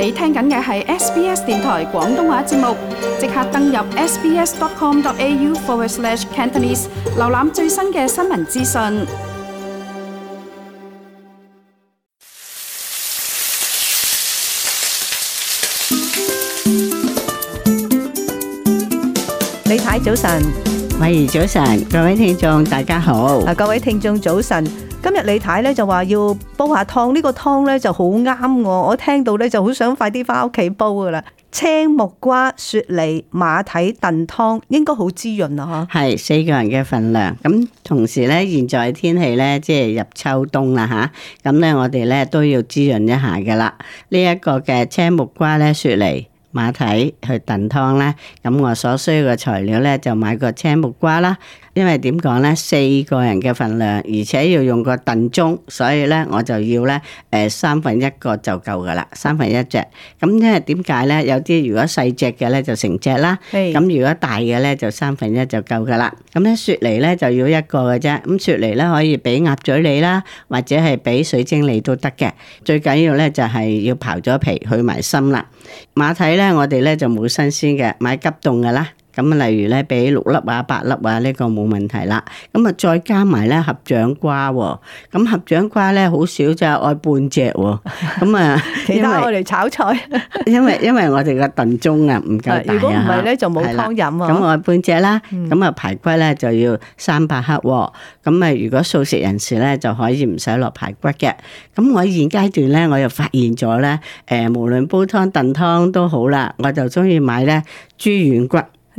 你聽緊嘅係 SBS 電台廣東話節目，即刻登入 sbs.com.au/cantonese 瀏覽最新嘅新聞資訊。李太早晨，米兒早晨，各位聽眾大家好，啊各位聽眾早晨。今日李太咧，就話要煲下湯，呢、這個湯咧就好啱我，我聽到咧就好想快啲翻屋企煲噶啦。青木瓜雪梨馬蹄燉湯應該好滋潤啊！吓，係四個人嘅份量。咁同時咧，現在天氣咧即係入秋冬啦吓，咁咧我哋咧都要滋潤一下噶啦。呢、這、一個嘅青木瓜咧、雪梨、馬蹄去燉湯咧，咁我所需要嘅材料咧就買個青木瓜啦。因為點講咧，四個人嘅份量，而且要用個燉盅，所以咧我就要咧誒三分一個就夠噶啦，三分一隻。咁因為點解咧？有啲如果細隻嘅咧就成隻啦，咁如果大嘅咧就三分一就夠噶啦。咁咧雪梨咧就要一個嘅啫，咁雪梨咧可以俾鴨嘴梨啦，或者係俾水晶梨都得嘅。最緊要咧就係要刨咗皮，去埋心啦。馬蹄咧我哋咧就冇新鮮嘅，買急凍噶啦。咁啊，例如咧，俾六粒啊、八粒啊，呢個冇問題啦。咁啊，再加埋咧合掌瓜。咁合掌瓜咧，好少就愛半隻。咁啊，其他我哋炒菜。因為因為我哋個燉盅啊，唔夠大。如果唔係咧，就冇湯飲啊。咁我半隻啦。咁啊，排骨咧就要三百克。咁啊，如果素食人士咧，就可以唔使落排骨嘅。咁我現階段咧，我又發現咗咧，誒，無論煲湯燉湯都好啦，我就中意買咧豬軟骨。豬軟是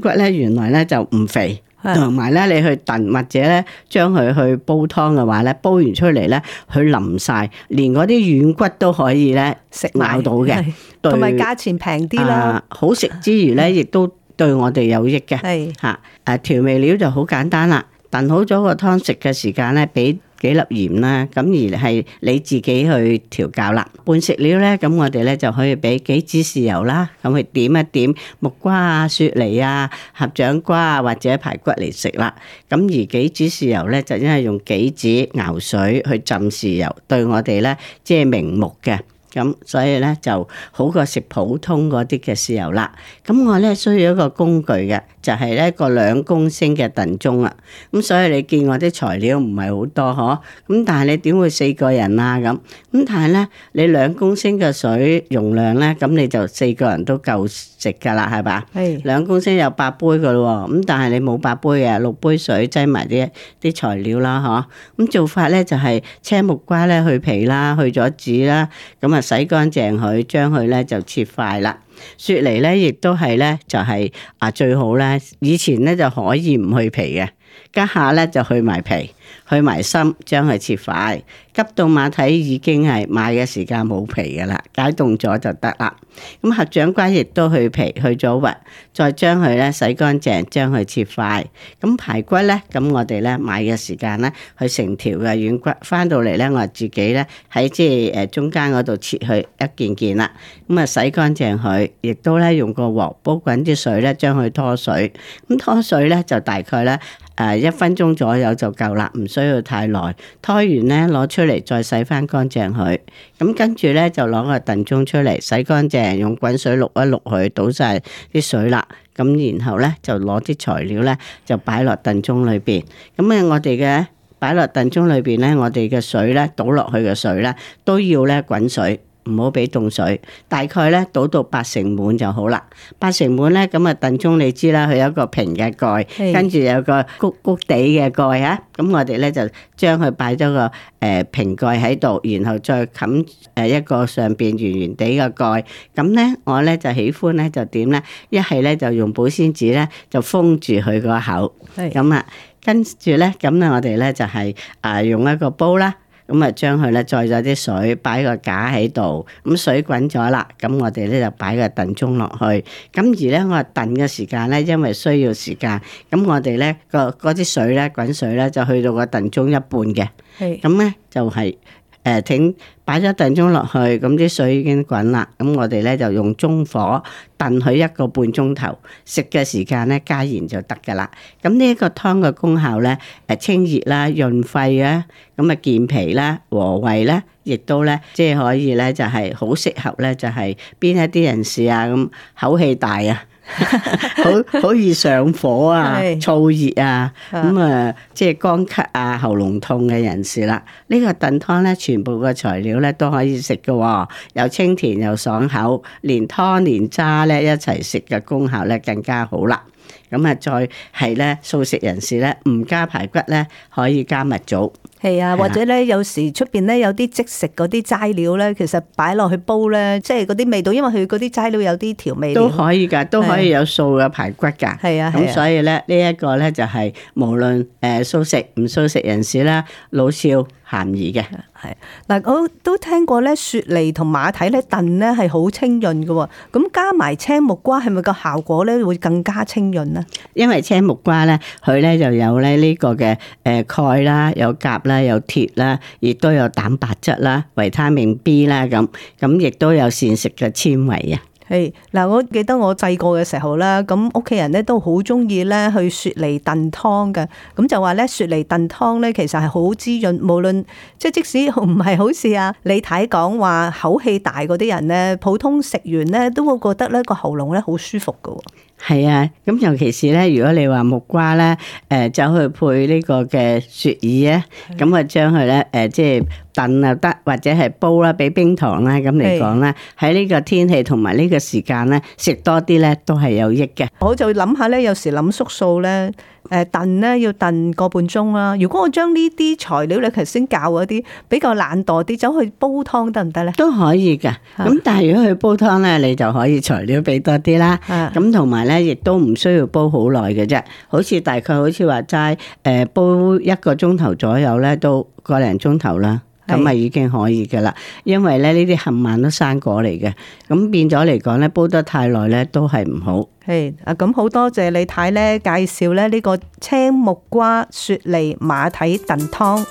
骨咧，原來咧就唔肥，同埋咧你去燉或者咧將佢去煲湯嘅話咧，煲完出嚟咧，佢淋晒，連嗰啲軟骨都可以咧食咬到嘅，同埋價錢平啲啦，好食之餘咧，亦是都對我哋有益嘅。係吓，誒，調味料就好簡單啦，燉好咗個湯食嘅時間咧，俾。幾粒鹽啦，咁而係你自己去調教啦。半食料咧，咁我哋咧就可以俾杞子豉油啦，咁去點一點木瓜啊、雪梨啊、合掌瓜啊或者排骨嚟食啦。咁而杞子豉油咧，就應該用杞子熬水去浸豉油，對我哋咧即係明目嘅。咁所以咧就好過食普通嗰啲嘅豉油啦。咁我咧需要一個工具嘅，就係咧個兩公升嘅燉盅啊。咁所以你見我啲材料唔係好多嗬，咁但係你點會四個人啊？咁咁但係咧，你兩公升嘅水容量咧，咁你就四個人都夠食噶啦，係吧？係兩公升有八杯嘅咯，咁但係你冇八杯嘅，六杯水擠埋啲啲材料啦，嗬，咁做法咧就係青木瓜咧去皮啦，去咗籽啦，咁啊～洗乾淨佢，將佢咧就切塊啦。雪梨咧，亦都係咧就係、是、啊最好咧，以前咧就可以唔去皮嘅。家下咧就去埋皮，去埋心，將佢切塊。急凍馬蹄已經係買嘅時間冇皮噶啦，解凍咗就得啦。咁合掌瓜亦都去皮去咗核，再將佢咧洗乾淨，將佢切塊。咁、嗯、排骨咧，咁我哋咧買嘅時間咧，佢成條嘅軟骨，翻到嚟咧，我自己咧喺即係誒中間嗰度切去一件件啦。咁、嗯、啊洗乾淨佢，亦都咧用個鑊煲滾啲水咧，將佢拖水。咁、嗯、拖水咧就大概咧。誒、啊、一分鐘左右就夠啦，唔需要太耐。拖完咧攞出嚟再洗翻乾淨佢，咁跟住咧就攞個燉盅出嚟洗乾淨，用滾水淥一淥佢，倒晒啲水啦。咁然後咧就攞啲材料咧就擺落燉盅裏邊。咁啊，我哋嘅擺落燉盅裏邊咧，我哋嘅水咧，倒落去嘅水咧，都要咧滾水。唔好俾凍水，大概咧倒到八成滿就好啦。八成滿咧，咁啊，燉盅你知啦，佢有一個瓶嘅蓋，的跟住有個谷谷地嘅蓋啊。咁我哋咧就將佢擺咗個誒、呃、瓶蓋喺度，然後再冚誒一個上邊圓圓地嘅蓋。咁咧，我咧就喜歡咧就點咧？一係咧就用保鮮紙咧就封住佢個口。係咁的啊，跟住咧，咁咧我哋咧就係、是、啊用一個煲啦。咁啊，將佢咧載咗啲水，擺個架喺度。咁水滾咗啦，咁我哋咧就擺個燉盅落去。咁而咧，我話，燉嘅時間咧，因為需要時間，咁我哋咧個啲水咧滾水咧就去到個燉盅一半嘅。係是，咁咧就係、是。誒，請擺咗燉盅落去，咁啲水已經滾啦。咁我哋咧就用中火燉佢一個半鐘頭。食嘅時間咧加鹽就得㗎啦。咁呢一個湯嘅功效咧，誒、啊、清熱啦、啊、潤肺啊，咁啊健脾啦、和胃咧、啊，亦都咧即係可以咧就係好適合咧就係、是、邊一啲人士啊，咁口氣大啊。 好好易上火啊，是燥熱啊，咁啊，即係乾咳啊、喉嚨痛嘅人士啦。這個、燉湯呢個燉湯咧，全部嘅材料咧都可以食嘅、哦，又清甜又爽口，連湯連渣咧一齊食嘅功效咧更加好啦。咁、嗯、啊，再係咧素食人士咧，唔加排骨咧，可以加蜜棗。係啊，或者咧，有時出邊咧有啲即食嗰啲齋料咧，其實擺落去煲咧，即係嗰啲味道，因為佢嗰啲齋料有啲調味。都可以㗎，都可以有素嘅排骨㗎。係啊，咁、啊、所以咧，呢、這、一個咧就係無論誒素食唔素食人士啦，老少咸宜嘅。係嗱、啊啊，我都聽過咧，雪梨同馬蹄咧燉咧係好清潤㗎喎。咁加埋青木瓜，係咪個效果咧會更加清潤呢？因為青木瓜咧，佢咧就有咧呢個嘅誒鈣啦，有鉀。有鐵啦，亦都有蛋白質啦，維他命 B 啦，咁咁亦都有膳食嘅纖維啊。誒嗱，我記得我細個嘅時候啦，咁屋企人咧都好中意咧去雪梨燉湯嘅，咁就話咧雪梨燉湯咧其實係好滋潤，無論即係即使唔係好似啊，李太講話口氣大嗰啲人咧，普通食完咧都會覺得咧個喉嚨咧好舒服嘅喎。係啊，咁尤其是咧，如果你話木瓜咧，誒走去配呢個嘅雪耳咧，咁啊將佢咧誒即係燉啊得，或者係煲啦，俾冰糖啦，咁嚟講咧，喺呢個天氣同埋呢個。時間咧食多啲咧都係有益嘅，我就諗下咧，有時諗縮數咧，誒燉咧要燉個半鐘啦、啊。如果我將呢啲材料咧，頭先教嗰啲比較懶惰啲，走去煲湯得唔得咧？行行呢都可以噶，咁但係如果去煲湯咧，你就可以材料俾多啲啦。咁同埋咧，亦都唔需要煲好耐嘅啫，好似大概好似話齋，誒、呃、煲一個鐘頭左右咧，都個零鐘頭啦。咁啊，已經可以嘅啦，因為咧呢啲冚晚都生果嚟嘅，咁變咗嚟講咧，煲得太耐咧都係唔好。係啊，咁好多謝李太咧介紹咧呢個青木瓜雪梨馬蹄燉湯。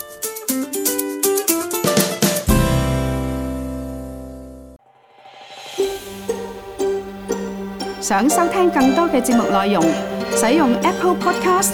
想收聽更多嘅節目內容，使用 Apple Podcast、